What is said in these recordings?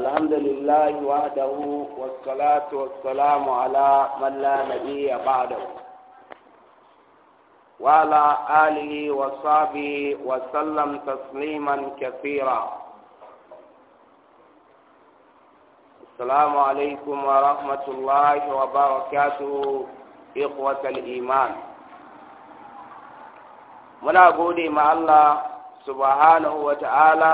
الحمد لله وحده والصلاة والسلام على من لا نبي بعده وعلى آله وصحبه وسلم تسليما كثيرا السلام عليكم ورحمة الله وبركاته إخوة الإيمان من أقول مع الله سبحانه وتعالى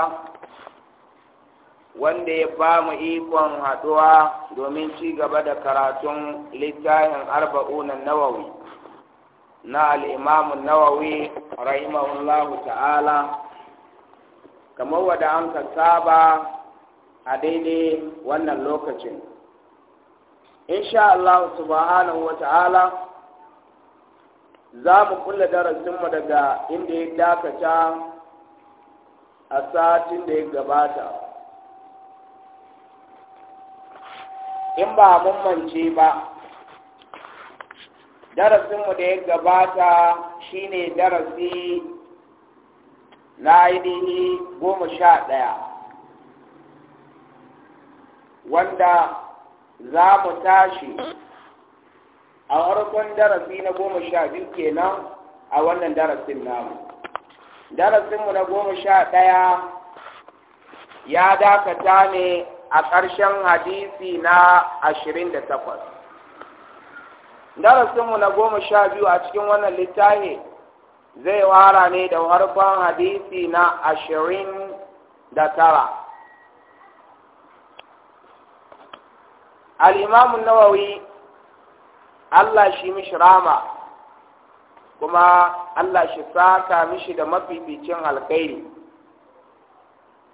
wanda ya ba mu ikon haɗuwa domin ci gaba da karatun littafin arba'unan nawawi na al'imamun nawawi rahimahullahu ta'ala kamar wadda an ka saba a daidai wannan lokacin insha Allah subhanahu wa ta'ala za mu kula darasinmu daga inda ya dakata a satin da ya gabata in ba mun mance ba darasinmu da ya gabata shine darasi na ainihi goma sha ɗaya wanda za mu tashi a harkon darasi na goma sha biyu kenan a wannan darasin namu darasinmu na goma sha ɗaya ya dakata ne a ƙarshen hadisi na ashirin da takwas. Darasinmu na goma sha biyu a cikin wannan littafi zai wara ne da harfan hadisi na ashirin da tara. alimamu nawawi Allah shi mishi rama kuma Allah shi saka mishi da mafificin alkhairi.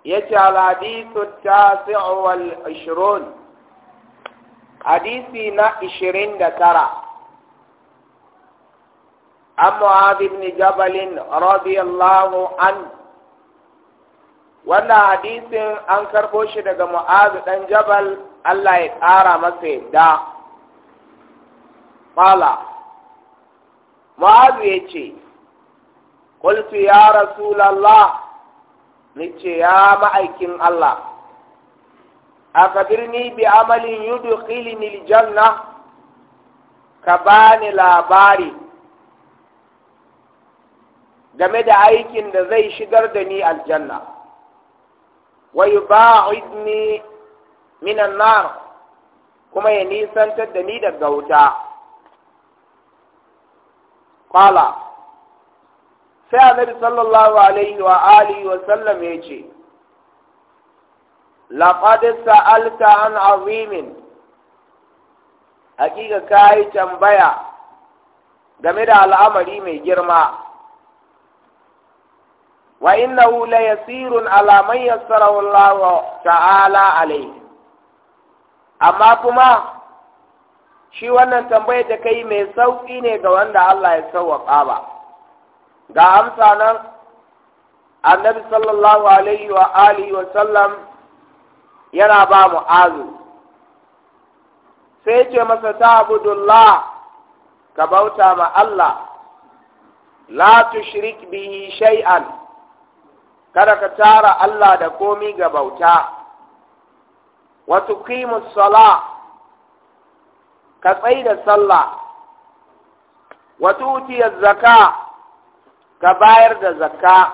yace al-hadithu tasi'u wal 20 hadisi na 29 an mu'adh ibn jabal radiyallahu an wannan hadisin an karbo shi daga mu'adh dan jabal Allah ya tsara masa yadda qala mu'adh yace qultu ya rasulallah nace ya ma'aikin Allah akabirni bi amalin yudkhilni aljanna ka bani labari game da aikin da zai shigar da ni aljanna wa yuba'idni minan na kuma ya nisantar da ni daga wuta qala sai annabi sallallahu alaihi wa alihi wa sallam ya ce laqad sa'alta an azimin hakika ka yi tambaya game da al'amari mai girma wa inna la yasirun ala man Allah ta'ala alaihi amma kuma shi wannan tambayar da kai mai sauƙi ne ga wanda Allah ya sauwaƙa ba ga amsa nan annabi sallallahu alaihi wa alihi wa sallam yana ba mu'azu sai ce masa ta abudullah ka bauta ma Allah la tushrik bihi shay'an kada ka tara Allah da komi ga bauta wa tuqimus sala ka tsaida sallah wa tu'tiyaz zakah ta bayar da zakka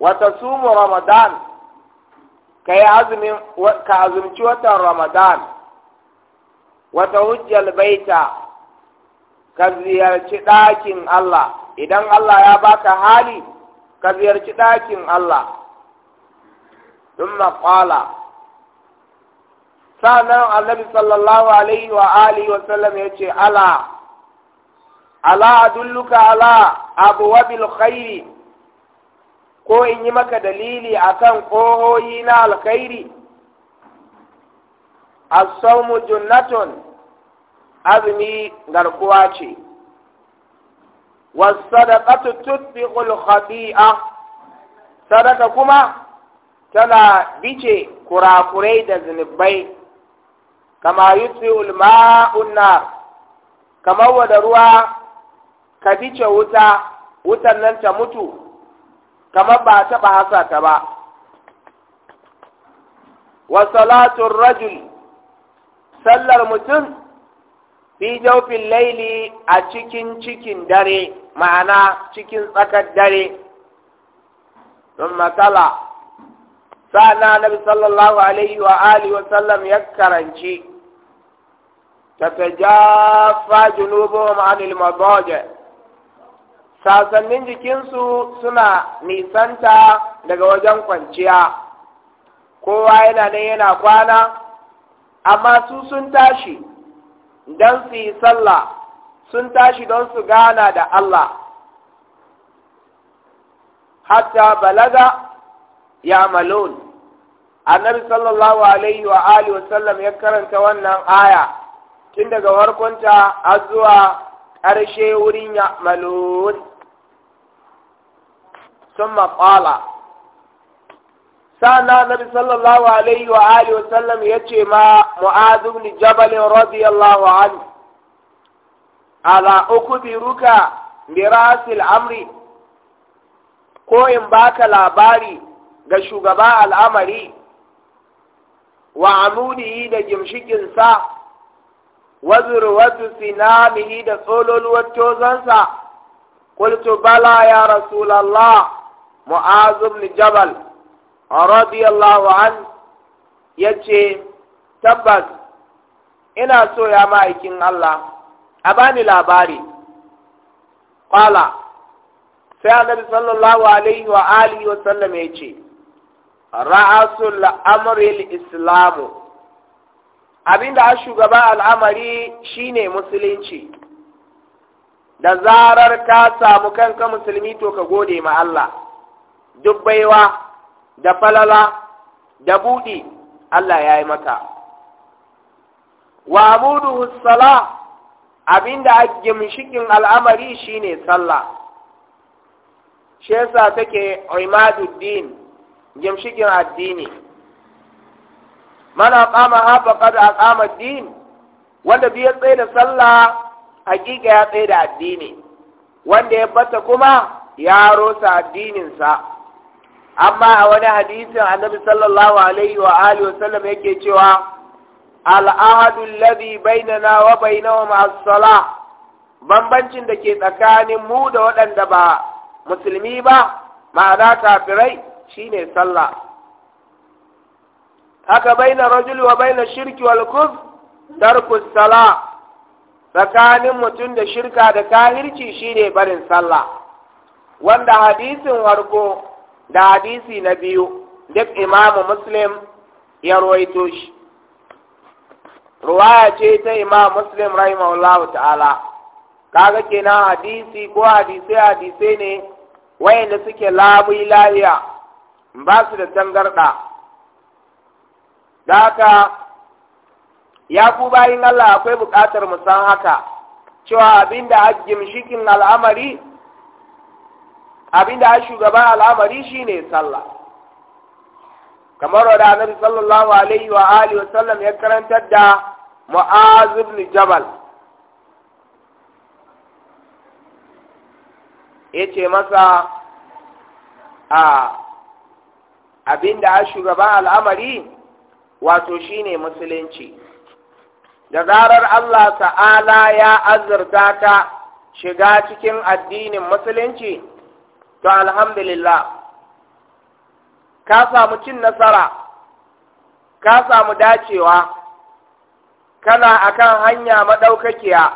wata sumu ramadan ka yi azumin ka azumci watan ramadan wata hujjal baita ka ziyarci ɗakin Allah idan Allah ya baka hali ka ziyarci ɗakin Allah ثم قال sannan annabi sallallahu alaihi wa alihi wa ya ce allah. ala adulluka ala abwabil khairi ko in yi maka dalili akan kohoyi na alkhairi as-sawmu junnatun azumi garkuwa ce was-sadaqatu tutbiqul a. sadaka kuma tana bice kurakurai da zunubai kama yutbi'ul ma'un nar kamar wada ruwa ka bice wuta wutan nan ta mutu kamar ba taɓa hasa ta ba wa salatun rajul sallar mutum fi jaufin laili a cikin cikin dare ma'ana cikin tsakar dare don matsala sa'ana nabi sallallahu alaihi wa alihi wa sallam ya karanci تتجافى junubu ma'anil المضاجع sasannin jikinsu suna nisanta daga wajen kwanciya kowa yana nan yana kwana amma su sun tashi don su yi sallah sun tashi don su gana da Allah hatta balaga ya malon annabi sallallahu alaihi wa alihi wa sallam ya karanta wannan aya tun daga warkunta har zuwa ƙarshe wurin ya malon ثم قال سألنا النبي صلى الله عليه وآله وسلم يتي ما معاذ بن جبل رضي الله عنه ألا أخبرك برأس الأمر ko in baka labari ga shugaba al'amari wa amudihi da gimshikinsa wazuru wasu sinamihi da tsololuwar tozonsa kultu bala ya rasulallah mu'az ibn jabal radiyallahu an ce, tabbas ina so ya ma aikin Allah a bani labari Kwala. sai annabi sallallahu alaihi wa alihi wa sallam ya ce. amri al-islamu abinda a shugaban al'amari shine musulunci da zarar ka samu kanka musulmi to ka gode ma Allah duk baiwa da falala da buɗi Allah ya yi maka wa hussala abin abinda ake mishikin al'amari ne sallah shi yasa take imaduddin gimshikin addini mana kama haɓa kada a kama din wanda biya tsaye da sallah hakika ya tsaye da addini wanda ya bata kuma ya rosa addininsa amma a wani hadisin annabi sallallahu alaihi wa alihi wasallam yake cewa al'ahadu alladhi bainana wa bainahum as-salah bambancin da ke tsakanin mu da waɗanda ba musulmi ba ma'ana kafirai shine sallah haka baina rajul wa baina shirki wal kufr darku salah tsakanin mutum da shirka da kahirci shine barin sallah wanda hadisin warko da hadisi na biyu duk imamu muslim ya ruwaito shi ruwaya ce ta imamu muslim rahimahullahu ta'ala kaga kenan hadisi ko hadisai hadisai ne wayanda suke labi lahiya ba su da tangarda da haka ya ku bayin Allah akwai bukatar mu san haka cewa abinda a shikin al'amari abinda shugaban al'amari shi ne sallah kamar wadda annabi sallallahu alaihi wa alihi wasallam ya karantar da mu'az ibn jabal yace masa a abinda a shugaban al'amari wato shine musulunci da zarar Allah ta'ala ya azurta ka shiga cikin addinin musulunci to alhamdulillah ka samu cin nasara ka samu dacewa kana akan hanya madaukakiya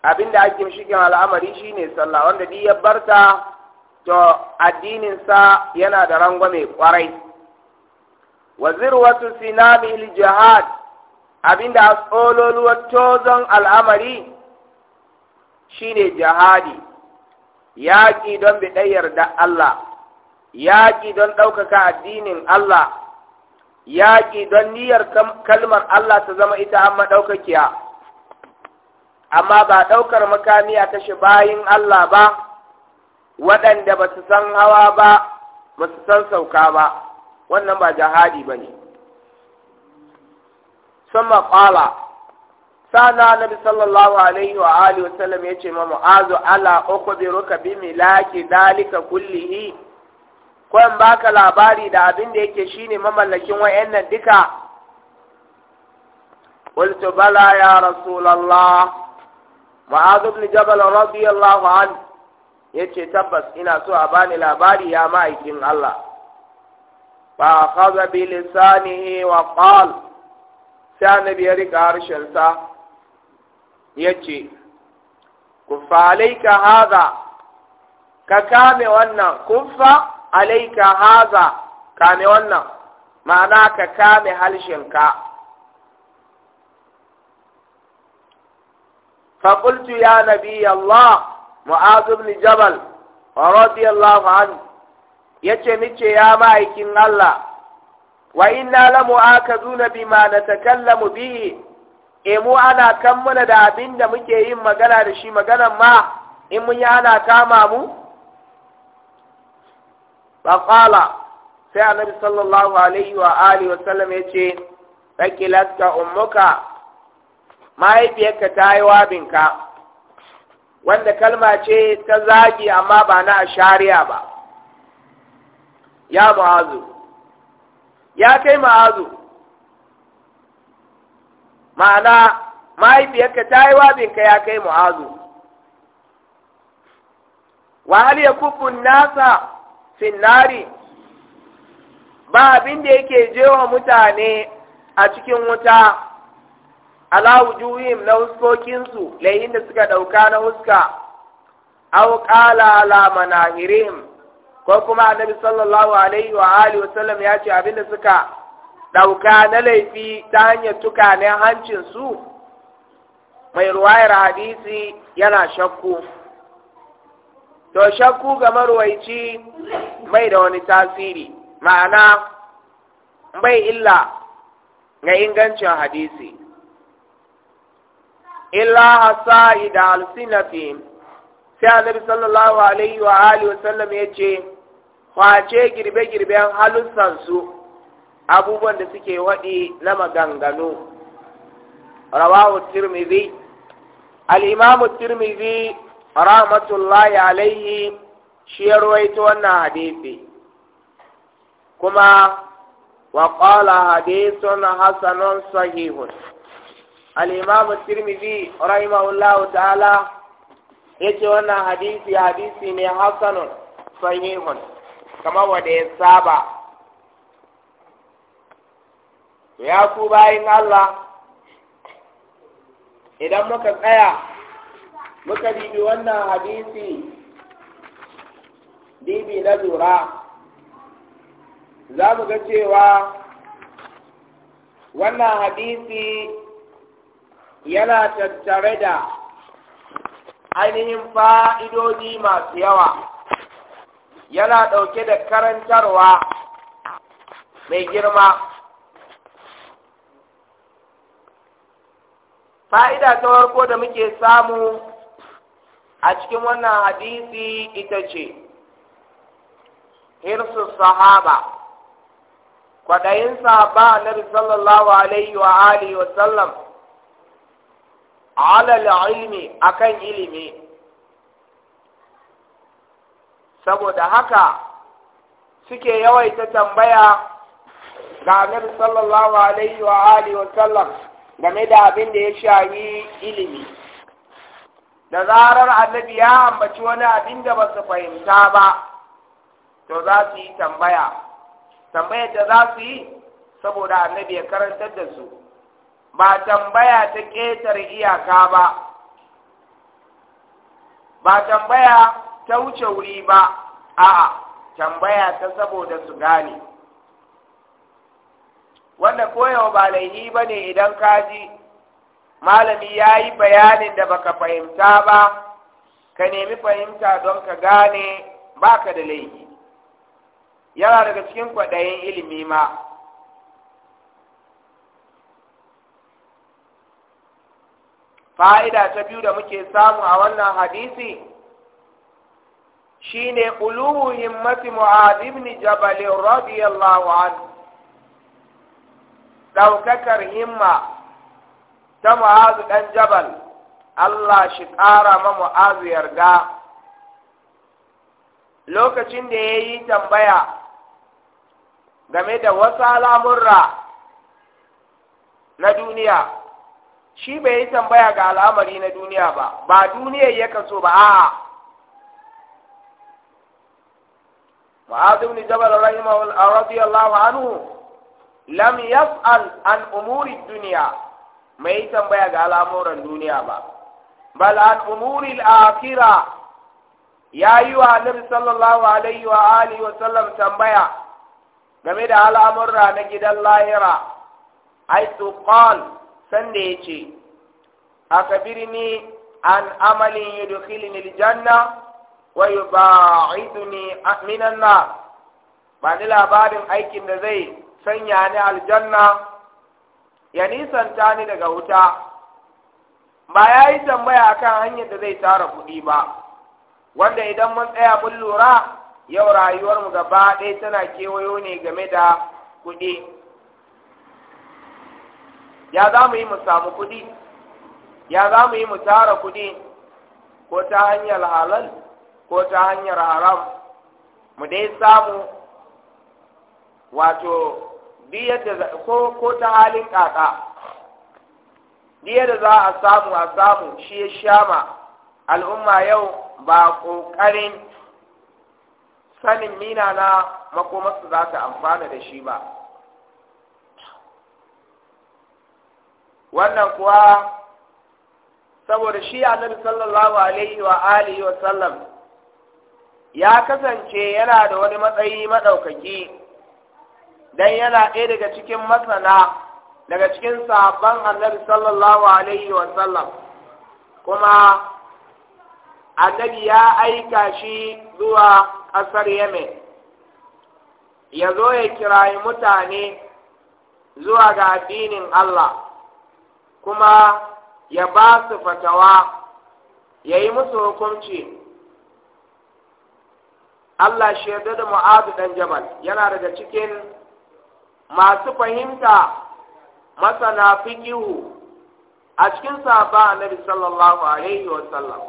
abinda ake shigin al'amari shine sallah wanda duk ya barta to addininsa yana da rangwame kwarai wa wasu sinami jihad abinda a tsololuwar tozon al'amari shine jihadi yaƙi don biɗayyar da Allah yaƙi don ɗaukaka addinin Allah yaƙi don niyyar kalmar Allah ta zama ita an maɗaukakiya amma ba ɗaukar makami a kashe bayin Allah ba waɗanda ba su san hawa ba ba su san sauka ba wannan ba jihadi ba ne sun maƙwala sana nabi sallallahu alaihi wa alihi wa sallam ya ce ma mu'azu ala ukhbiruka bi milaki dalika kullihi ko in baka labari da abin da yake shine mamallakin wayannan duka qultu bala ya rasulullah mu'azu ibn jabal radiyallahu an yace tabbas ina so a bani labari ya ma'aikin Allah fa akhadha bi lisanihi wa qala sai annabi ya rika harshensa yace kuffa alayka hadha ka kame wannan kuffa alaika haza kame wannan ma'ana ka kame halshenka fa qultu ya nabi allah mu'az ibn jabal radiyallahu anhu yace nice ya ma'aikin Allah wa inna la mu'akazuna bima natakallamu bihi E mu ana kan da abin da muke yin magana da shi maganan ma in mun yi ana kama mu faƙala sai annabi sallallahu alaihi wa alihi wasallam ya ce laska, ummuka mahaifiyarka ta yi wabinka wanda kalma ce ta zagi amma ba na a shari'a ba ya ma'azu ya kai ma'azu ma'ana mahaifiyarka ta yi wabinka ya kai mu'azu wa hal yakubbu nasa fin nari ba abin da yake wa mutane a cikin wuta ala wujuhim na huskokinsu layin da suka ɗauka na huska au ƙala ala manahirim ko kuma annabi sallallahu alaihi wa alihi sallam ya ce abin da suka ɗauka na laifi ta hanyar tukanen hancinsu mai ruwayar hadisi yana shakku to shakku ga marwaici mai da wani tasiri ma'ana mai illa ga ingancin hadisi illa hasa'i da alsinafi sai annabi sallallahu alaihi wa alihi wasallam ya ce kwace girbe-girben halussansu abubuwan da suke waɗi na maganganu rawahu tirmidhi al-imamu tirmidhi rahmatullahi alaihi shi ya ruwaito wannan hadisi kuma wa qala hadithun hasanun sahihun al-imamu tirmidhi rahimahullahu ta'ala yace wannan hadisi hadisi ne hasanun sahihun kamar wanda ya saba ku ya ku bayin Allah idan muka tsaya muka bibi wannan hadisi dibi na lura za mu ga cewa wannan hadisi yana tattare da ainihin fa'idodi masu yawa yana ɗauke da karantarwa mai girma fa'ida ta warko da muke samu a cikin wannan hadisi ita ce hirsu sahaba Kwaɗayinsa ba na sallallahu alaihi wa alihi wa sallam alal ilmi akan ilimi saboda haka suke yawaita tambaya ga annabi sallallahu alaihi wa alihi wa sallam game da abin da ya shayi ilimi da zarar annabi ya ambaci wani abin da ba su fahimta ba to za su yi tambaya tambayar da za su yi saboda annabi ya karantar da su ba tambaya ta ƙetare iyaka ba ba tambaya ta wuce wuri ba a'a tambaya ta saboda su gane wanda koyawa ba laihi ba ne idan ka ji malami ya yi bayanin da baka fahimta ba ka nemi fahimta don ka gane baka da laihi yana daga cikin kwaɗayin ilimi ma fa'ida ta biyu da muke samu a wannan hadisi shine uluhu himmati mu'adh ibn jabal radiyallahu anhu ɗaukakar himma ta mu'azu ɗan jabal Allah shi ƙara ma mu'azu yarda lokacin da ya yi tambaya game da wasu al'amurra na duniya shi bai yi tambaya ga al'amari na duniya ba ba duniyar ya kaso ba a'a ma'azin ni jabal rahimahullah radiyallahu anhu lam yas'al an umuri duniya mai tambaya ga al'amuran duniya ba bal an umuri al'akira ya yi wa annabi sallallahu alaihi wa alihi wa sallam tambaya game da al'amurra na gidan lahira Ai to qal sanda yace akabirni an amalin yudkhilni aljanna wa yubaiduni min nar ba ni labarin aikin da zai sanya ni aljanna ya nisanta ni daga wuta ba ya yi tambaya akan hanyar da zai tara kuɗi ba wanda idan mun tsaya mun lura yau rayuwarmu gaba ɗaya tana kewayo ne game da kuɗi ya za mu yi mu samu kuɗi ya za mu yi mu tara kuɗi ko ta hanyar halal ko ta hanyar haram mu dai samu wato bi yadda ko ko ta halin kaka bi yadda za a samu a samu shi ya shama al'umma yau ba ƙoƙarin sanin mina na makomarsu za ta amfana da shi ba wannan kuwa saboda shi annabi sallallahu alaihi wa alihi wa sallam ya kasance yana da wani matsayi maɗaukaki dan yana ɗaya daga cikin masana daga cikin sabon annabi sallallahu alaihi wa sallam kuma annabi ya aika shi zuwa ƙasar yemen ya zo ya kirayi mutane zuwa ga addinin Allah kuma ya ba su fatawa ya yi musu hukunci Allah shi da mu'adu ɗan jabal yana daga cikin masu fahimta masana fikihu a cikin sahaba annabi sallallahu alaihi wa sallam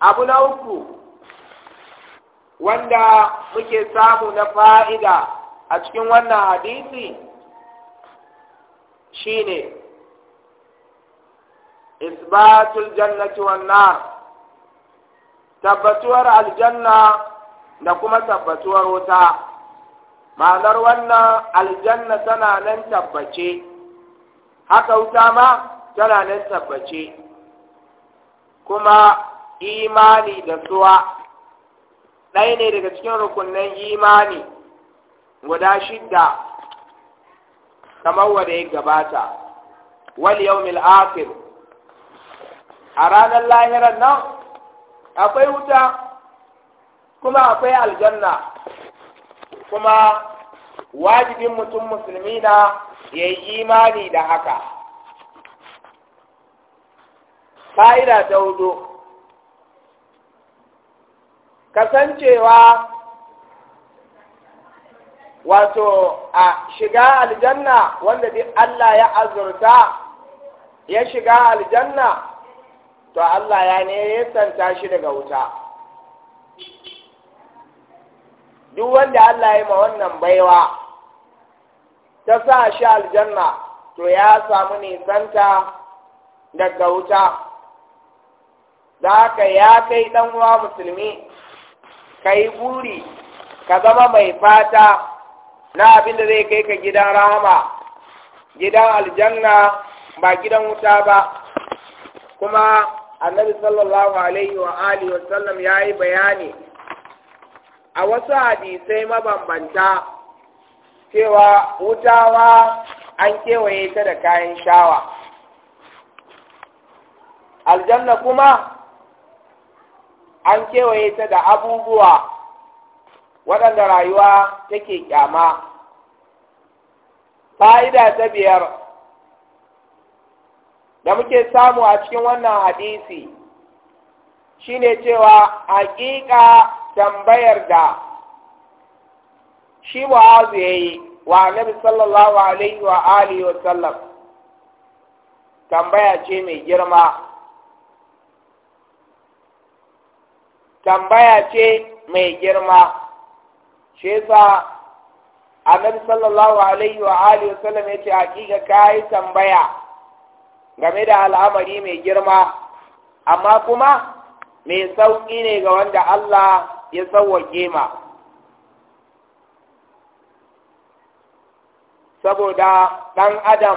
abu na uku wanda muke samu na fa'ida a cikin wannan hadisi shine isbatul jannati wan tabbatuwar aljanna da kuma tabbatuwar wuta ma'anar wannan aljanna tana nan tabbace haka wuta ma tana nan tabbace kuma imani da suwa ɗaya ne daga cikin rukunin imani guda shidda kamar wadda ya gabata wal yawmil akhir a ranar lahirar nan akwai wuta kuma akwai aljanna kuma wajibin mutum musulmi na ya yi imani da haka fa'ida ta hudu kasancewa wato a shiga aljanna wanda duk Allah ya azurta ya shiga aljanna to Allah ya ne ya santa shi daga wuta duk wanda Allah ya yi ma wannan baiwa ta sa shi aljanna to ya samu nisanta daga wuta da haka ya kai ɗan uwa musulmi ka yi buri ka zama mai fata na abin da zai kai ka gidan rahama gidan aljanna ba gidan wuta ba kuma annabi sallallahu alaihi wa alihi wa sallam ya yi bayani a wasu hadisai mabambanta cewa wutawa an kewaye ta da kayan shawa aljanna kuma an kewaye ta da abubuwa waɗanda rayuwa take kyama fa'ida ta biyar da muke samu a cikin wannan hadisi shine cewa hakika tambayar da shi mu'azu ya yi wa nabi sallallahu alaihi wa alihi wa sallam tambaya ce mai girma tambaya ce mai girma shi yasa annabi sallallahu alaihi wa alihi wa sallam yace hakika kai tambaya game da al'amari mai girma amma kuma mai sauƙi ne ga wanda Allah ya sauwake ma saboda ɗan adam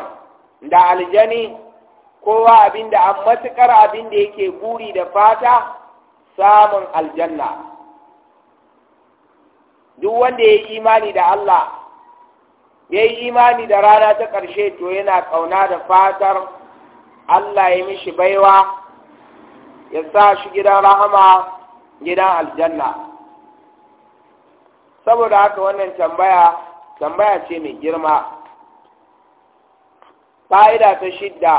da aljani kowa abin da an matuƙar abin yake buri da fata samun aljanna duk wanda ya yi imani da Allah ya yi imani da rana ta ƙarshe to yana ƙauna da fatar Allah ya mishi baiwa ya sa shi gidan rahama gidan aljanna saboda haka wannan tambaya tambaya ce mai girma fa'ida ta shidda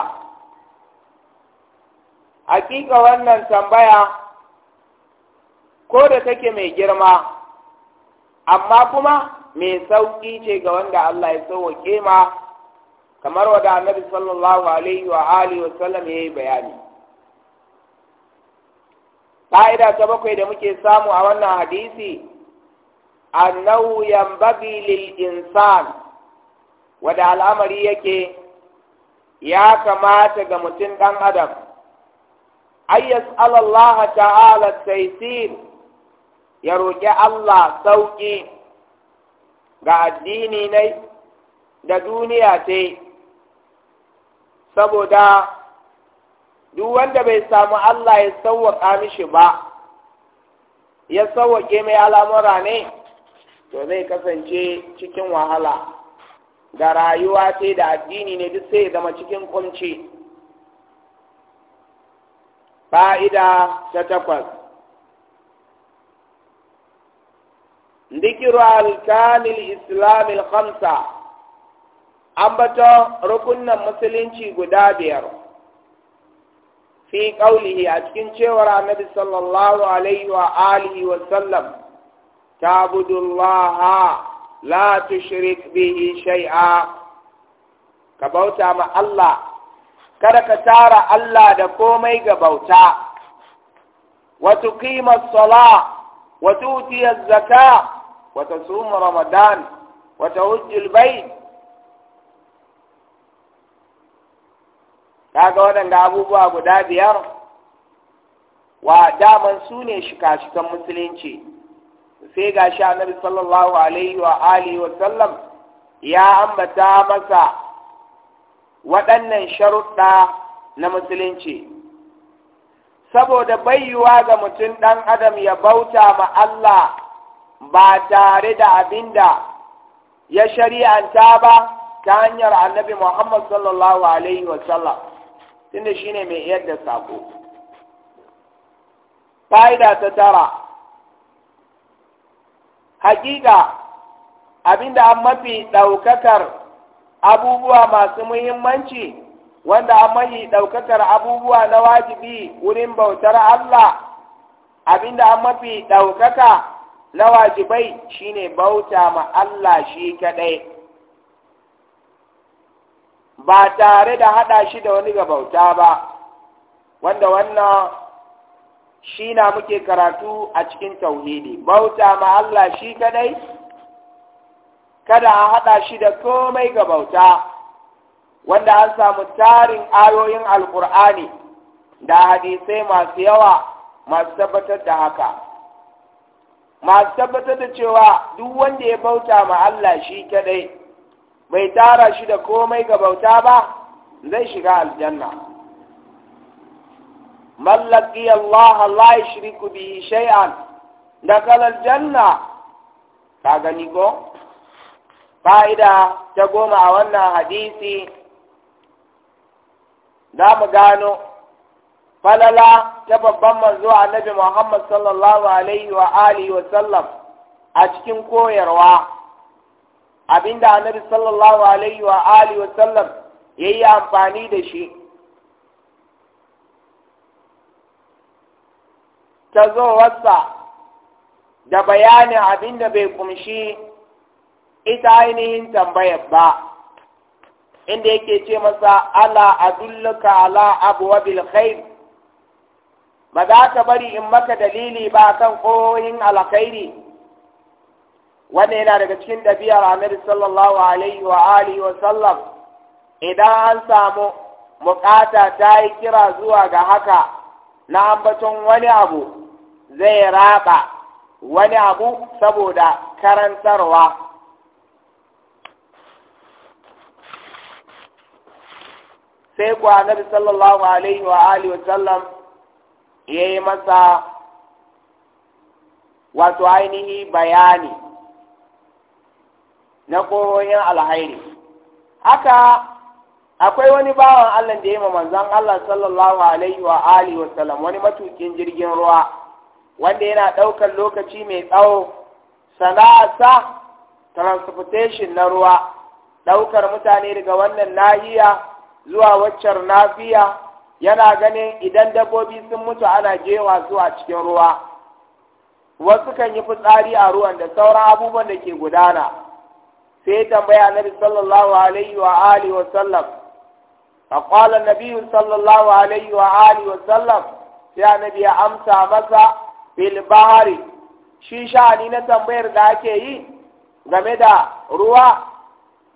hakika wannan tambaya ko da take mai girma amma kuma mai sauƙi ce ga wanda Allah ya sauwaƙe ma kamar wada annabi sallallahu alaihi wa alihi wa sallam yayi bayani ƙa'ida ta bakwai da muke samu a wannan hadisi annahu yambagi lil insan wada al'amari yake ya kamata ga mutum ɗan adam Ayyas Allah ta'ala taisir ya roƙi Allah sauƙi ga addini ne da duniya ce saboda duk wanda bai samu Allah ya sauwaƙa mishi ba ya sauwake mai al'amura ne to zai kasance cikin wahala da rayuwa ce da addini ne duk sai ya zama cikin kunci fa'ida ta takwas ذكر Islamin khamsa An bata rukunin musulunci guda biyar. fi qaulihi a cikin cewar annabi sallallahu alaihi wa alihi wa sallam ta'budullaha la tushrik bihi shay'a ka bauta ma Allah kada ka tara Allah da komai ga bauta wa tuqima as-salah wa tu'ti az-zakah wa tasum ramadan wa tahujj bayt kaga waɗanda abubuwa guda biyar wa daman su ne shika-shikan musulunci sai ga shi annabi sallallahu alaihi wa alihi wa sallam ya ambata masa waɗannan sharuɗa na musulunci saboda bayyuwa ga mutum ɗan adam ya bauta ma Allah ba tare da abinda ya shari'anta ba ta hanyar annabi Muhammad sallallahu alaihi wa sallam tunda shine mai iyar da sako fa'ida ta tara hakika abinda an mafi ɗaukakar abubuwa masu muhimmanci wanda an mafi ɗaukakar abubuwa na wajibi wurin bautar Allah abinda an mafi ɗaukaka na wajibai shine bauta ma Allah shi kaɗai ba tare da haɗa shi da wani ga bauta ba wanda wannan shi na muke karatu a cikin tauhidi bauta ma Allah shi kadai kada a haɗa shi da komai ga bauta wanda an samu tarin ayoyin alkur'ani da hadisai masu yawa masu tabbatar da haka masu tabbatar da cewa duk wanda ya bauta ma Allah shi kadai bai tara shi da komai ga bauta ba zai shiga aljanna mallaki Allah ya yushriku bihi shay'an kalar aljanna ka gani ko fa'ida ta goma a wannan hadisi za mu gano falala ta babban manzo annabi Muhammad sallallahu alaihi wa alihi wa sallam a cikin koyarwa abinda annabi sallallahu alaihi wa alihi wa sallam yayi amfani da shi wasa da bayanin abinda bai kumshi ita ainihin tambayar ba inda yake ce masa ala adulluka ala abwabil khair ba za ka bari in maka dalili ba kan koyin alkhairi wanda yana daga cikin ɗabi'ar Amir sallallahu alaihi wa alihi wa sallam idan an samu muƙata ta yi kira zuwa ga haka na ambaton wani abu zai raba wani abu saboda karantarwa sai kuwa Annabi sallallahu alaihi wa alihi wa sallam yayi masa wato ainihi bayani na koyon alhairi haka akwai wani bawan Allah da ya ma manzon Allah sallallahu alaihi wa alihi wa sallam wani matukin jirgin ruwa wanda yana ɗaukar lokaci mai tsawo sana'a transportation na ruwa ɗaukar mutane daga wannan nahiya zuwa waccar nafiya yana ganin idan dabbobi sun mutu ana jewa zuwa cikin ruwa wasu kan yi fitsari a ruwan da sauran abubuwan da ke gudana sai ya tambaya annabi sallallahu alaihi wa alihi wa sallam sallallahu alaihi wa alihi wa sallam وسلم ya amsa masa bil bahari shi sha'ani na tambayar da ake yi game da ruwa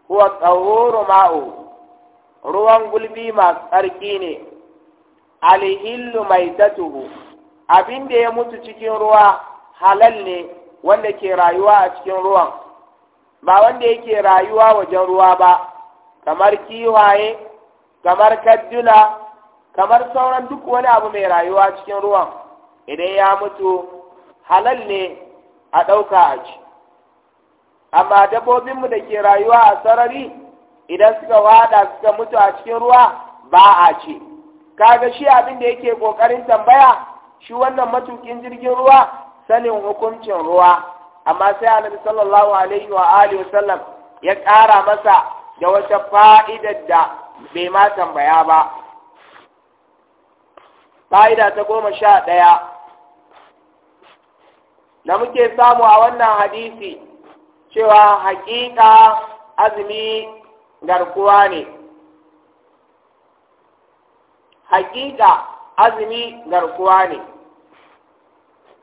kuwa tsaworo ma'o ruwan gulbi masu tsarki ne alihillu mai tatuhu abin da ya mutu cikin ruwa halal ne wanda ke rayuwa a cikin ruwan ba wanda yake rayuwa wajen ruwa ba kamar kiwaye kamar kaddula kamar sauran duk wani abu mai rayuwa cikin ruwan idan ya mutu halal ne a ɗauka a ci amma dabbobinmu da ke rayuwa a sarari idan suka wada suka mutu a cikin ruwa ba a ci kaga shi abin da yake ƙoƙarin tambaya shi wannan matukin jirgin ruwa sanin hukuncin ruwa amma sai annabi sallallahu alaihi wa alihi wasallam ya ƙara masa da wata fa'idar da bai ma tambaya ba fa'ida ta goma sha ɗaya da muke samu a wannan hadisi cewa haƙiƙa azumi garkuwa ne haƙiƙa azumi garkuwa ne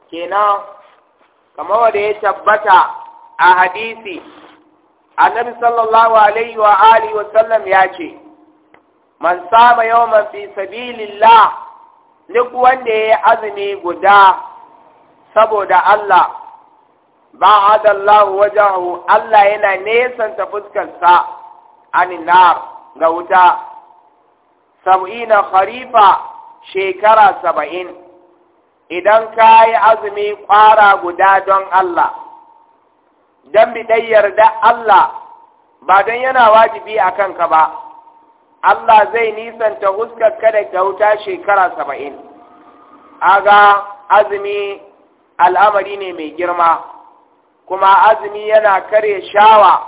kenan kamar wanda ya tabbata a hadisi annabi sallallahu alaihi wa alihi wa sallam ya ce man sama yawman fi sabilillah duk wanda ya azumi guda saboda Allah ba adallahu wajahu Allah yana nesanta fuskarsa anin nar ga wuta sab'ina kharifa shekara saba'in idan ka yi azumi ƙwara guda don Allah, don biɗai yarda Allah ba don yana wajibi a kanka ba, Allah zai nisanta huskarka da kyauta shekara saba'in. Aga azumi al'amari ne mai girma, kuma azumi yana kare shawa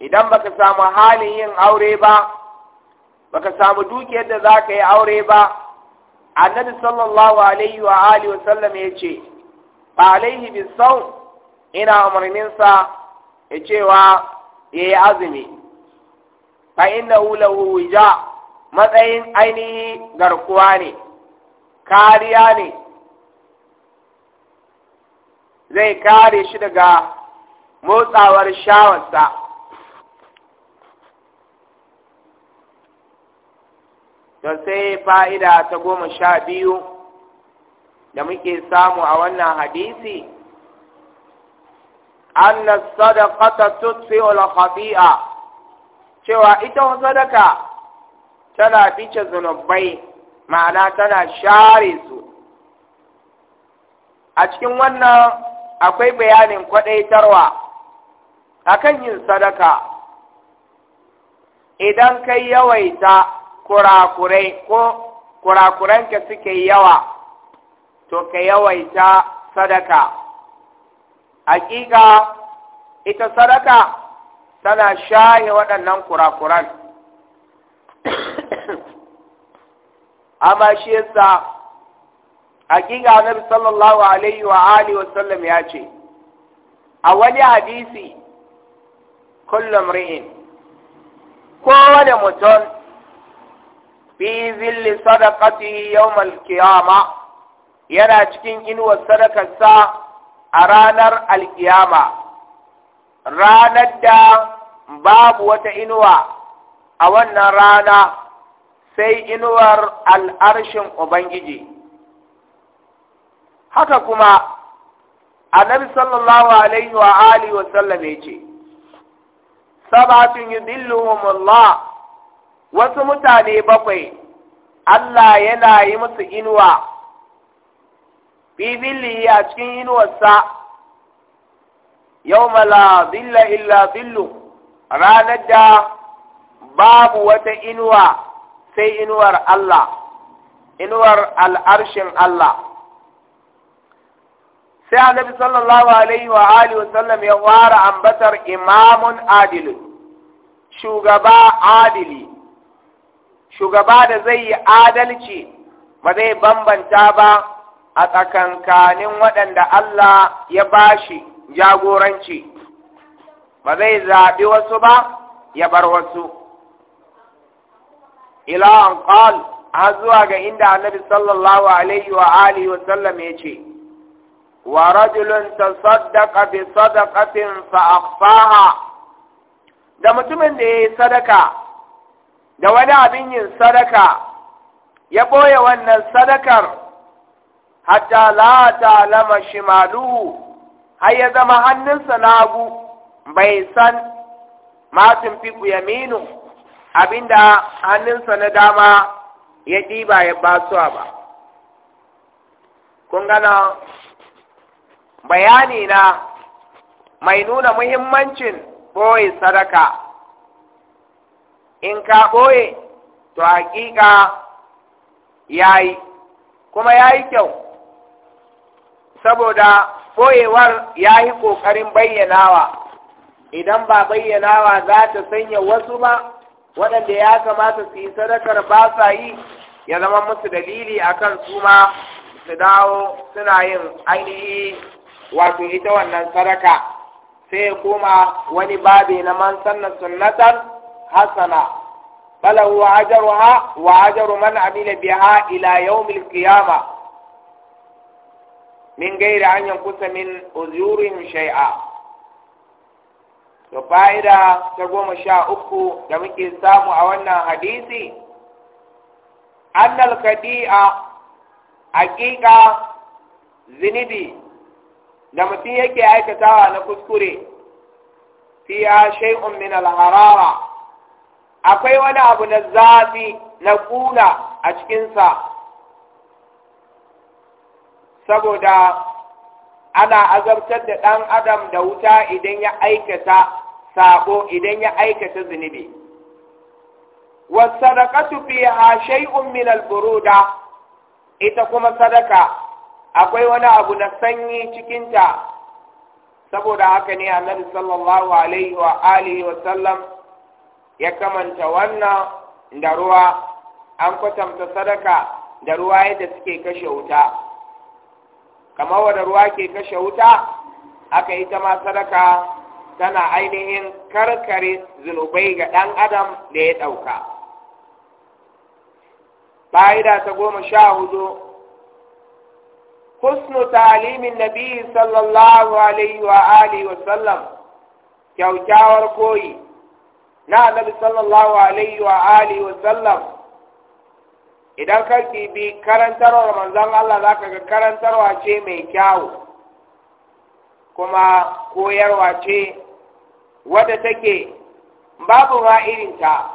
idan baka samu halin yin aure ba, baka samu dukiyar da za ka yi aure ba, annabi sallallahu alaihi wa alihi wa sallam ya ce ba alaihi bi sau ina umarninsa ya cewa ya yi azumi fa inna lahu wija matsayin ainihi garkuwa ne kariya ne zai kare shi daga motsawar shawarsa to sai fa'ida ta goma sha biyu da muke samu a wannan hadisi anna sadaqata tutfi ul khatia cewa ita sadaka tana fice zunubai ma'ana tana share su a cikin wannan akwai bayanin kwadaitarwa akan yin sadaka idan kai yawaita kurakurai ko kurakuranka suke yawa to ka yawaita sadaka hakika ita sadaka tana shaye waɗannan kurakuran amma shi yasa hakika annabi sallallahu alaihi wa alihi wasallam ya ce a wani hadisi kullum ri'in kowane mutum fi zilli sadaqatihi yawmal qiyama yana cikin inuwar sadakarsa a ranar alkiyama ranar da babu wata inuwa a wannan rana sai inuwar al'arshin ubangiji haka kuma annabi sallallahu alaihi wa alihi wa sallam yace sabatun wasu mutane bakwai Allah yana yi musu inuwa bibilli a cikin inuwarsa yau mala zilla illa zillu ranar da babu wata inuwa sai inuwar Allah inuwar al'arshin Allah sai annabi sallallahu alaihi wa alihi wasallam ya fara ambatar imamun adilun shugaba adili shugaba da zai yi adalci ba zai bambanta ba a tsakankanin waɗanda Allah ya bashi jagoranci ba zai zaɓi wasu ba ya bar wasu ila an har zuwa ga inda annabi sallallahu alaihi wa alihi wa sallam ya ce wa rajulun tasaddaqa bi sadaqatin fa akhfaha da mutumin da ya yi sadaka da wani abin yin sadaka ya ɓoye wannan sadakar hatta la ta'lama shimaluhu har ya zama hannunsa na abu bai san matin fiku yaminu abinda hannunsa na dama ya ɗiba ya basuwa ba kun gana bayani na mai nuna muhimmancin ɓoye sadaka in ka ɓoye to haƙiƙa ya yi kuma ya yi kyau saboda ɓoyewar ya yi ƙoƙarin bayyanawa idan ba bayyanawa za ta sanya wasu ba waɗanda ya kamata su yi sadakar ba sa yi ya zama musu dalili akan su ma su dawo suna yin ainihi wato ita wannan sadaka sai ya koma wani babi na man sannan sunnatan hasana falahu ajruha wa ajru man amila biha ila yawm al-qiyamah min gairi an yankusa min shai'a to fa'ida ta goma sha uku da muke samu a wannan hadisi annal kadi'a haƙiƙa zinibi da mutum yake aikatawa na kuskure fiya shay'un min alharara akwai wani abu na zafi na kula a cikinsa saboda ana azabtar da ɗan adam da wuta idan ya aikata sabo idan ya aikata zunubi wasadaqatu fiha shai'un min buroda buruda ita kuma sadaka akwai wani abu na sanyi cikinta saboda haka ne annabi sallallahu alaihi wa alihi wa sallam ya kamanta wannan da ruwa an kwatanta sadaka da ruwa yadda suke kashe wuta kamar wadda ruwa ke kashe wuta aka yi ta ma sadaka tana ainihin karkare zunubai ga ɗan adam da ya ɗauka fa'ida ta goma sha hudu husnu talimin nabi sallallahu alaihi wa alihi wa sallam kyaukyawar koyi na annabi sallallahu alaihi wa alihi wa sallam idan ka bi karantarwar manzon Allah zaka ga karantarwa ce mai kyau. kuma koyarwa ce wadda take babu ma irinta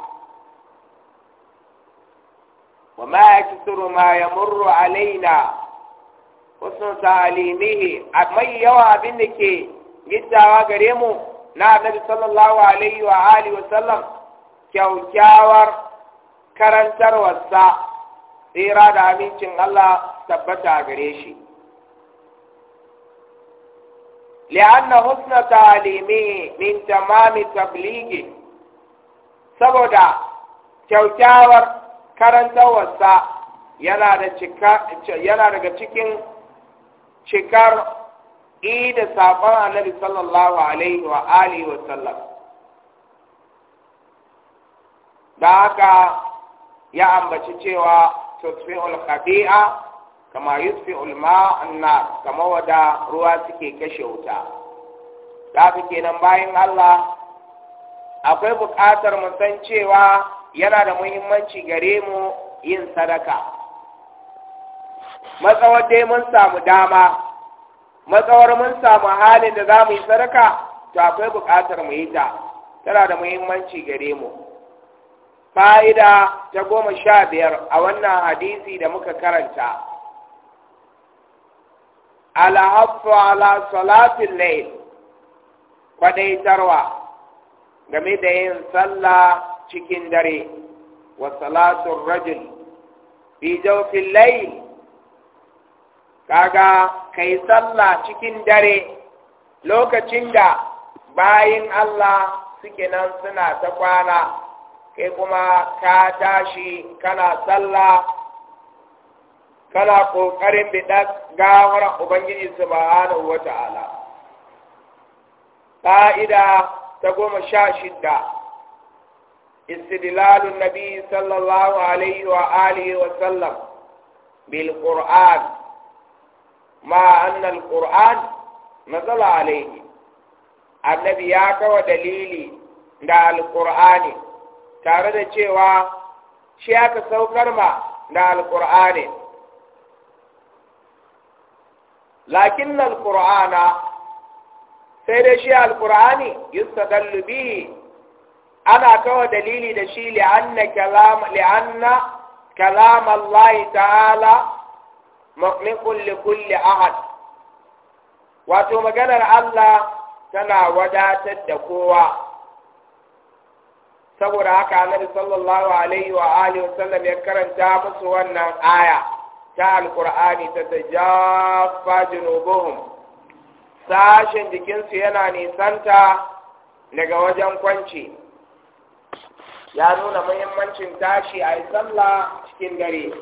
wa ma tsoro ma yamurru alaina husnu ta'limihi mai yawa abin da ke gittawa gare mu na annabi sallallahu alaihi wa alihi wa sallam kyaukyawar karantarwarsa tsira da amincin Allah tabbata gare shi li'anna husna ta'limi min tamami tablighi saboda kyaukyawar karantar wasa yana daga cikin cikar i e, da sabon annabi sallallahu alaihi wa alihi wa sallam da haka ya ambaci cewa tusfi'ul khabi'a kama yusfi'ul ma'an nar kama wada ruwa suke kashe wuta da kenan bayan Allah akwai buƙatar mu san cewa yana da muhimmanci gare mu yin sadaka matsawar dai mun samu dama matsawar mun samu halin da za mu yi sadaka to akwai buƙatar mu yi ta tana da muhimmanci gare mu fa'ida ta goma sha biyar a wannan hadisi da muka karanta alhaffu ala salatin layl kwadaitarwa game da yin sallah cikin dare wa salatun rajul bi jawfin kaga kai sallah cikin dare lokacin da bayin Allah suke nan suna ta kwana kai kuma ka tashi kana sallah kana kokarin bidan gawar ubangiji subhanahu wata'ala fa'ida ta goma sha shidda istidlalun nabi sallallahu alaihi wa alihi wa sallam bil ma annal qur'an nazala alaihi annabi ya kawo dalili da alqur'ani tare da cewa shi aka saukar ma da alqur'ani lakin alqur'ana sai dai shi alqur'ani yustadallu bihi ana kawo dalili da shi li'anna kalam li'anna kalam Allah ta'ala min kulli kulli ahad wato maganar Allah tana wadatar da kowa saboda haka annabi sallallahu alaihi wa alihi wasallam ya karanta musu wannan aya ta alkur'ani ta tajaffa junubuhum sashen jikinsu yana nisanta daga wajen kwanci ya nuna muhimmancin tashi a yi sallah cikin dare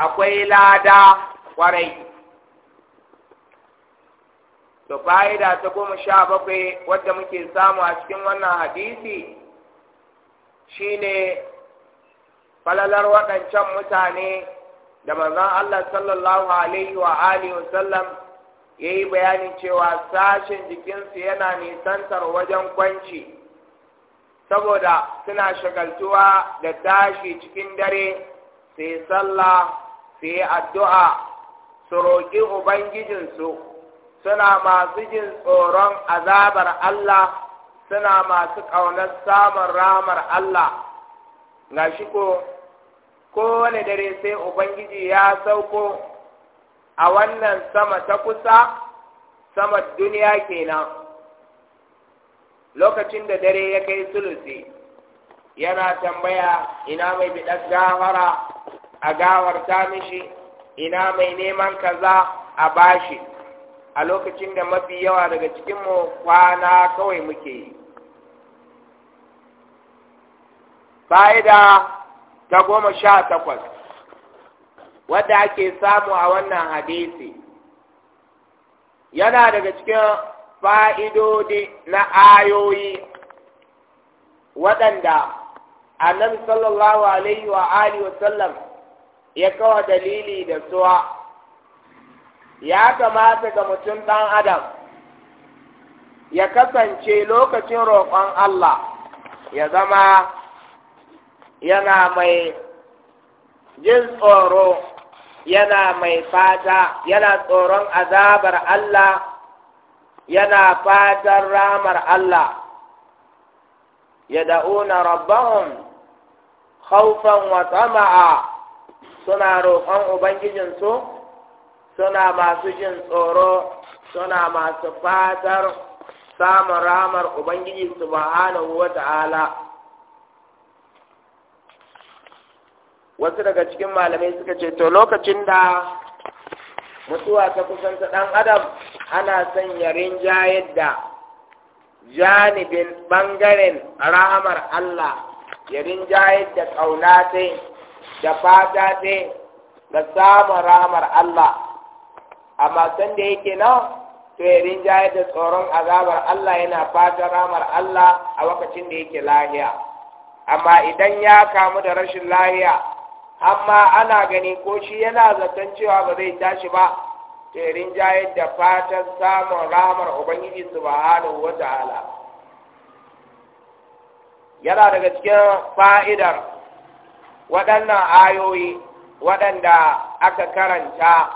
akwai lada kwarai to fa'ida ta goma sha bakwai wadda muke samu a cikin wannan hadisi shine falalar waɗancan mutane da manzon Allah sallallahu alaihi wa alihi wasallam ya yi bayanin cewa sashen jikinsu yana nisantar wajen kwanci saboda suna shagaltuwa da tashi cikin dare sai sallah sai addu'a su roƙi ubangijinsu suna masu jin tsoron azabar Allah suna masu ƙaunar samun ramar Allah ga shi ko kowane dare sai ubangiji ya sauko a wannan sama ta kusa sama duniya kenan lokacin da dare ya kai sulusi yana tambaya ina mai biɗar gawara a gawarta mishi ina mai neman kaza a bashi a lokacin da mafi yawa daga cikinmu kwana kawai muke yi fa'ida ta goma sha takwas wadda ake samu a wannan hadisi yana daga cikin fa'idodi na ayoyi waɗanda annabi sallallahu alaihi wa alihi wa sallam ya kawa dalili da suwa ya kamata ga mutum ɗan adam ya kasance lokacin roƙon Allah ya zama yana mai jin tsoro yana mai fata yana tsoron azabar Allah yana fatan ramar Allah ya da'una rabbahum khawfan wa tama'a suna roƙon ubangijinsu suna masu jin tsoro suna masu fatar samun ramar ubangiji subhanahu wa ta'ala wasu daga cikin malamai suka ce to lokacin da mutuwa ta kusanta ɗan adam ana son yarin jayar da janibin ɓangaren rahamar Allah yarin jayar da ƙaunatai da fata ce ga samun ramar Allah amma san da yake nan to ya rinjaye da tsoron azabar Allah yana fatan ramar Allah a lokacin da yake lahiya amma idan ya kamu da rashin lahiya amma ana gani ko shi yana zaton cewa ba zai tashi ba to ya da fatan samun ramar Ubangiji subhanahu wa ta'ala yana daga cikin fa'idar waɗannan ayoyi waɗanda aka karanta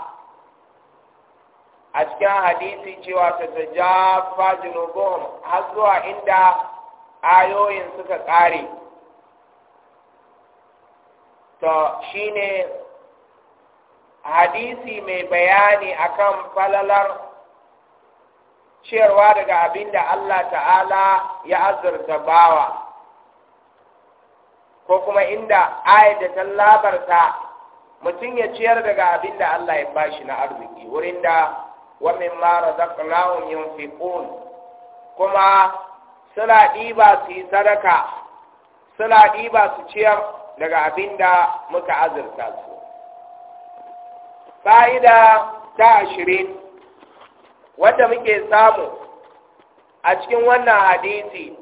a cikin hadisi cewa ta Taja fajinogon har zuwa inda ayoyin suka ƙare to ne hadisi mai bayani akan falalar ciyarwa daga abin da Allah ta'ala ya azurta bawa ko kuma inda ayat da ta labarta mutum ya ciyar daga abin da Allah ya bashi na arziki wurin da wa mimma razaqnahum yunfiqun kuma suna ɗiba su yi sadaka suna ɗiba su ciyar daga abinda muka azurta su fa'ida ta ashirin wanda muke samu a cikin wannan hadisi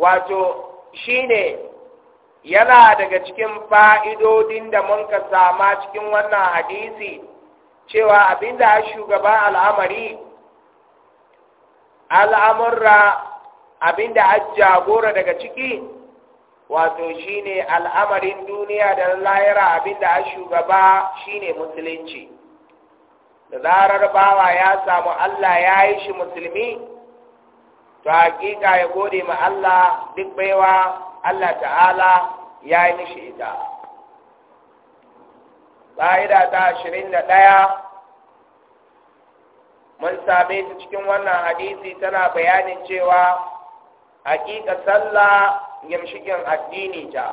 wato shine yana daga cikin fa'idodin da mun ka sama cikin wannan hadisi cewa abin abinda shugaba al'amari al'amurra abin da ajiya gora daga ciki wato shi ne al'amarin duniya da layara abinda a shugaba ne musulunci da zarar bawa ya samu Allah ya yi shi musulmi to hakika ya gode ma Allah duk baiwa Allah ta'ala ya yi mishi ita ƙa'ida ta ashirin da ɗaya mun same ta cikin wannan hadisi tana bayanin cewa haƙiƙa sallah gimshikin addini ta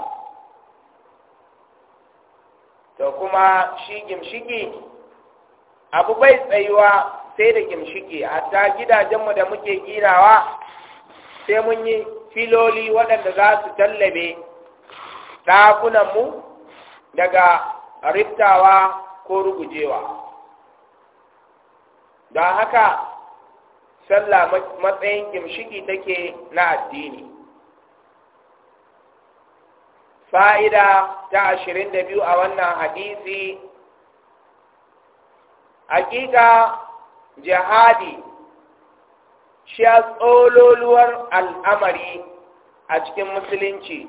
to kuma shi gimshiki abu bai tsayuwa sai da gimshiki hatta gidajenmu da muke ginawa sai mun yi filoli waɗanda za su tallame ɗakunanmu daga riftawa ko rugujewa don haka sallah matsayin gimshiki take na addini fa'ida ta ashirin da biyu a wannan hadisi hakika jihadi shi ya tsololuwar al'amari a cikin musulunci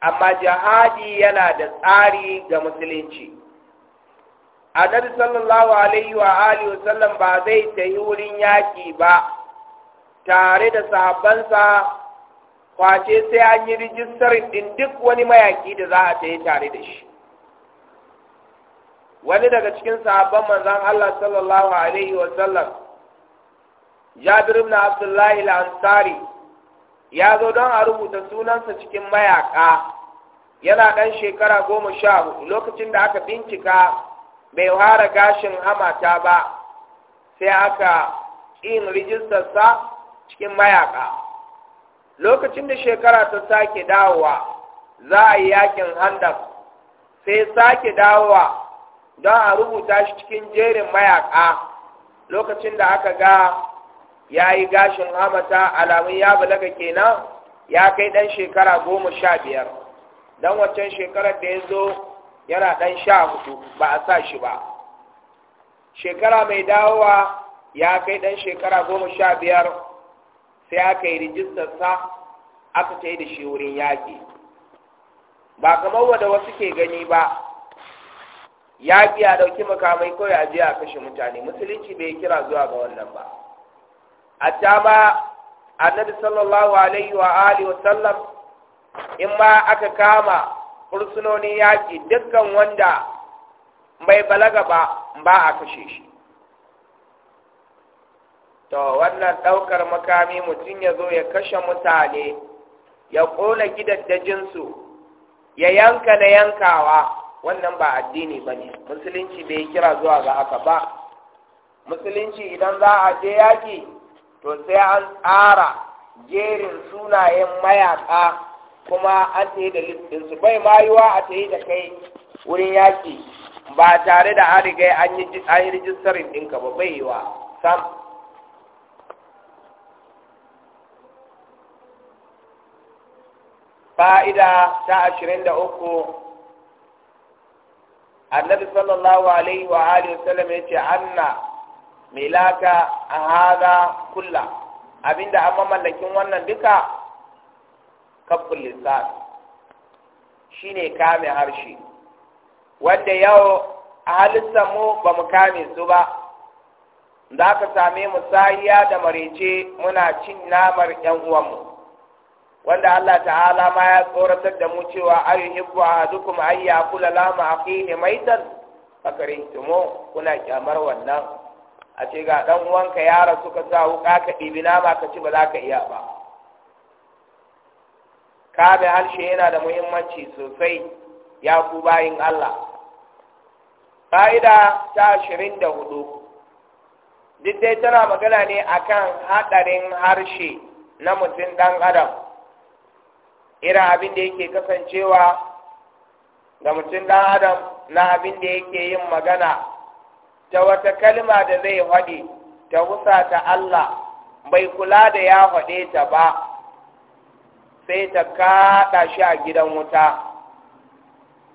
amma jihadi yana da tsari ga musulunci annabi sallallahu alaihi wa alihi sallam ba zai yi wurin yaƙi ba tare da sahabbansa kwace sai an yi rijistar ɗin duk wani mayaƙi da za a tafi tare da shi wani daga cikin sahabban manzon Allah sallallahu alaihi wa sallam Jabiru na abdullahi Lansari, ya zo don a rubuta sunansa cikin mayaka yana ɗan shekara goma sha hudu lokacin da aka bincika bai fara gashin hamata ba sai aka in rijistarsa cikin mayaka lokacin da shekara ta sake dawowa za a yi yaƙin handaf sai sake dawowa don a rubuta shi cikin jerin mayaka lokacin da aka ga ya yi gashin hamata alamun ya balaga kenan ya kai ɗan shekara goma sha biyar don wancan shekarar da ya zo yana ɗan sha hudu ba a sa shi ba shekara mai dawowa ya kai ɗan shekara goma sha biyar sai aka yi rijistarsa aka ta yi da shi wurin yaƙi ba kamar wanda wasu ke gani ba yaƙi a ɗauki makamai kawai a je a kashe mutane musulunci bai kira zuwa ga wannan ba ataba ma annabi sallallahu alaihi wa alihi wa sallam in ma aka kama fursunonin yaki dukkan wanda bai balaga ba ba a kashe shi to wannan ɗaukar makami mutum ya zo ya kashe mutane ya ƙona su ya yanka na yankawa wannan ba addini ba ne musulunci bai kira zuwa ga haka ba musulunci idan za a je yaƙi to sai an tsara jerin sunayen mayaka kuma an ta yi da su. bai mayuwa a ta yi da kai wurin yaƙi ba tare da an riga an yi rijistarin ɗinka ba bai wa sam fa'ida ta ashirin da uku annabi sallallahu alaihi wa alihi wasallam ya ce anna milaka hada kulla abinda amma mallakin wannan duka kafin lisan shine kame harshe wanda yau a halittar mu ba mu kame su ba za ka same mu sahiya da marece muna cin namar yan uwanmu wanda Allah ta'ala ma ya tsoratar da mu cewa ayyuhibbu ahadukum ayya kula lama akhihi maitan fakarihtumu kuna kyamar wannan a ce ga ɗan uwanka ya rasu ka sa wuƙa ka ɗibi nama ka ci ba za ka iya ba bi harshe yana da muhimmanci sosai ya ku bayin Allah Fa'ida ta ashirin da hudu duk dai tana magana ne akan haɗarin harshe na mutum ɗan adam irin abin da yake kasancewa ga mutum ɗan adam na abin da yake yin magana da wata kalma da zai haɗe ta wusa ta Allah bai kula da ya haɗe ta ba sai ta kaɗa shi a gidan wuta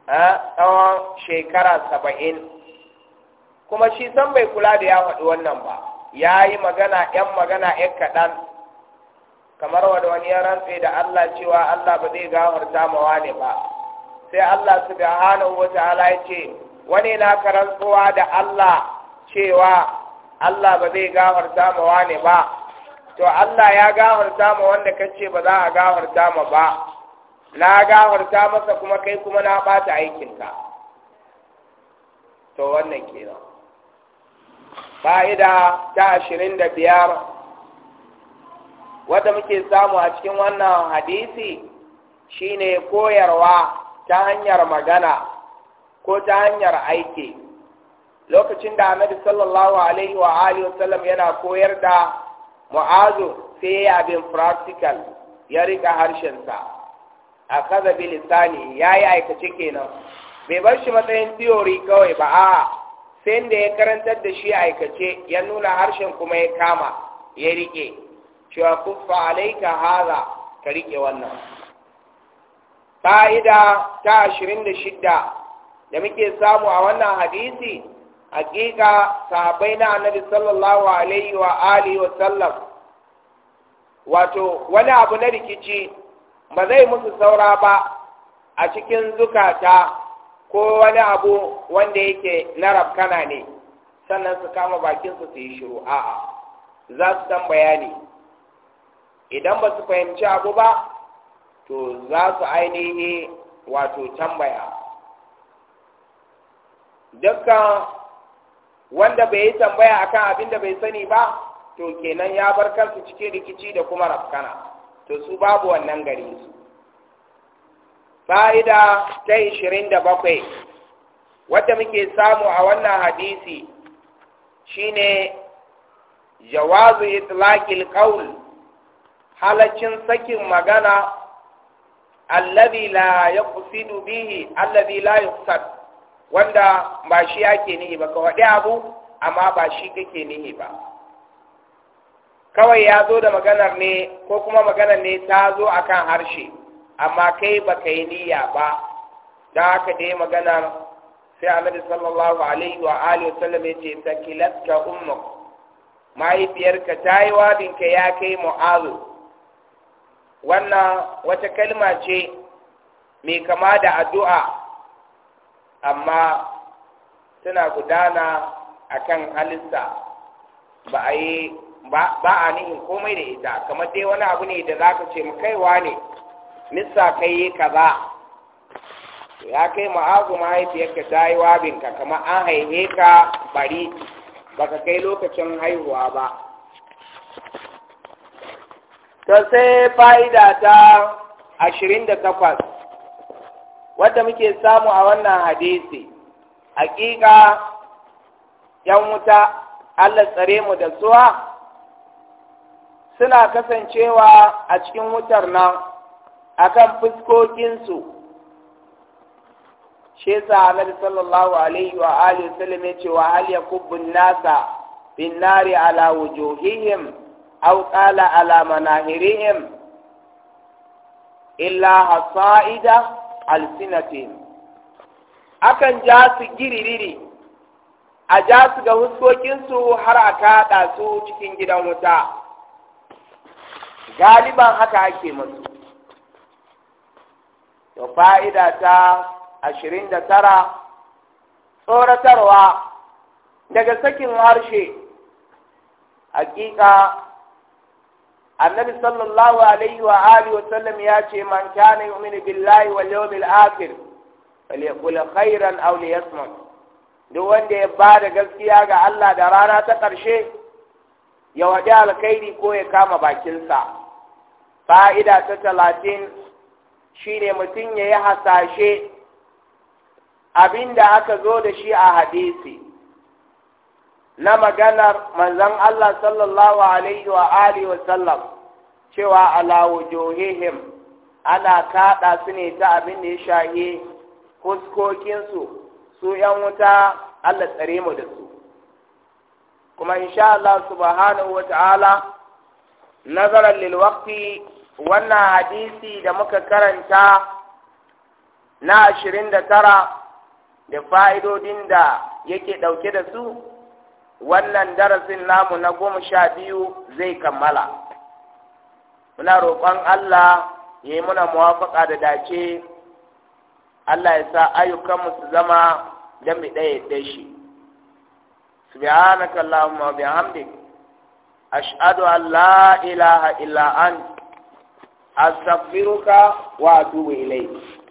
a tsawon shekara saba'in kuma shi san bai kula da ya faɗi wannan ba ya yi magana ‘yan magana ‘yan kaɗan kamar wani wani ya rantse da Allah cewa Allah ba zai gafarta mawa ne ba sai Allah su ga hannun wata ala ya ce wani na karantsuwa da Allah cewa Allah ba zai gafarta ma wani ba to Allah ya gafarta ma wanda kace ba za a gafarta ma ba na gafarta masa kuma kai kuma na bata aikinka to wannan kenan fa'ida ta ashirin da biyar wadda muke samu a cikin wannan hadisi shine koyarwa ta hanyar magana ko ta hanyar aiki lokacin da Amadu sallallahu alaihi wa alihi wasallam yana koyar da mu'azu sai ya abin practical ya rika harshensa a kaza bilisani ya yi aikace kenan bai bar shi matsayin theory kawai ba a sai da ya karantar da shi aikace ya nuna harshen kuma ya kama ya rike cewa kuffa alaika haza ka rike wannan fa'ida ta ashirin da shida. da muke samu a wannan hadisi hakika sahabbai na annabi sallallahu alaihi wa alihi wa sallam wato wani abu na rikici ba zai musu saura ba a cikin zukata ko wani abu wanda yake na rabkana ne sannan su kama bakinsu su yi shiru a'a za su san bayani idan ba su fahimci abu ba to za su ainihi wato tambaya dukkan wanda bai yi tambaya akan abin da bai sani ba to kenan ya bar kansu cikin rikici da kuma rafkana to su babu wannan gare su fa'ida ta 27 wadda muke samu a wannan hadisi shine jawazu itlaqil qawl halaccin sakin magana alladhi la yaqsidu bihi alladhi la yuqsad wanda ba shi ake nihi ba kawai abu amma ba shi kake nihi ba kawai ya zo da maganar ne ko kuma maganar ne ta zo akan harshe amma kai ba ka yi niyya ba da haka dai maganar sai annabi sallallahu alaihi wa alihi wasallam yace takilatka ummuk mahaifiyarka ta yi wabinka ya kai mu'azu wannan wata kalma ce mai kama da addu'a amma tana gudana akan halitta ba a yi ba a nihin komai da ita kamar dai wani abu ne da za ka ce kaiwa ne nisa kai yi ba, ya kai ma'azu mahaifiyarka ta yi wabinka kamar an haihe ka bari ba ka kai lokacin haihuwa ba ta sai fa'ida ta ashirin da takwas wadda muke samu a wannan hadisi hakika yan wuta Allah tsare mu da suwa suna kasancewa a cikin wutar nan akan fuskokinsu shi yasa Annabi sallallahu alaihi wa alihi sallam yace wa hal yakubun nasa bin nari ala wujuhihim aw qala ala manahirihim illa hasaida alsinatihim akan ja su giririri a ja su ga huskokinsu har a kaɗa su cikin gidan wuta galiban haka ake masu to fa'ida ta ashirin da tara tsoratarwa daga sakin harshe hakika annabi sallallahu alaihi wa alihi wa sallam ya ce man kana yu'minu billahi wal yawmil akhir falyaqul khairan aw liyasmut duk wanda ya ba da gaskiya ga Allah da rana ta ƙarshe ya waje alkhairi ko ya kama bakinsa fa'ida ta talatin shine mutum ya yi hasashe abinda aka zo da shi a hadisi na maganar manzon Allah sallallahu alaihi wa alihi wa sallam cewa ala wujuhihim ana kaɗa su ne ta abin da ya shahi fuskokinsu su ‘yan wuta Allah tsare mu da su. Kuma insha Allah subhanahu wa ta'ala, nazarar lilwafi wannan hadisi da muka karanta na ashirin da tara da fa'idodin da yake ɗauke da su, wannan darasin namu na goma sha biyu zai kammala. muna roƙon Allah ya yi muna muwafaƙa da dace Allah ya sa ayyukanmu su zama don mu ɗaya da shi subhanaka allahumma wa bihamdik ashhadu an la ilaha illa anta astaghfiruka wa atubu ilayk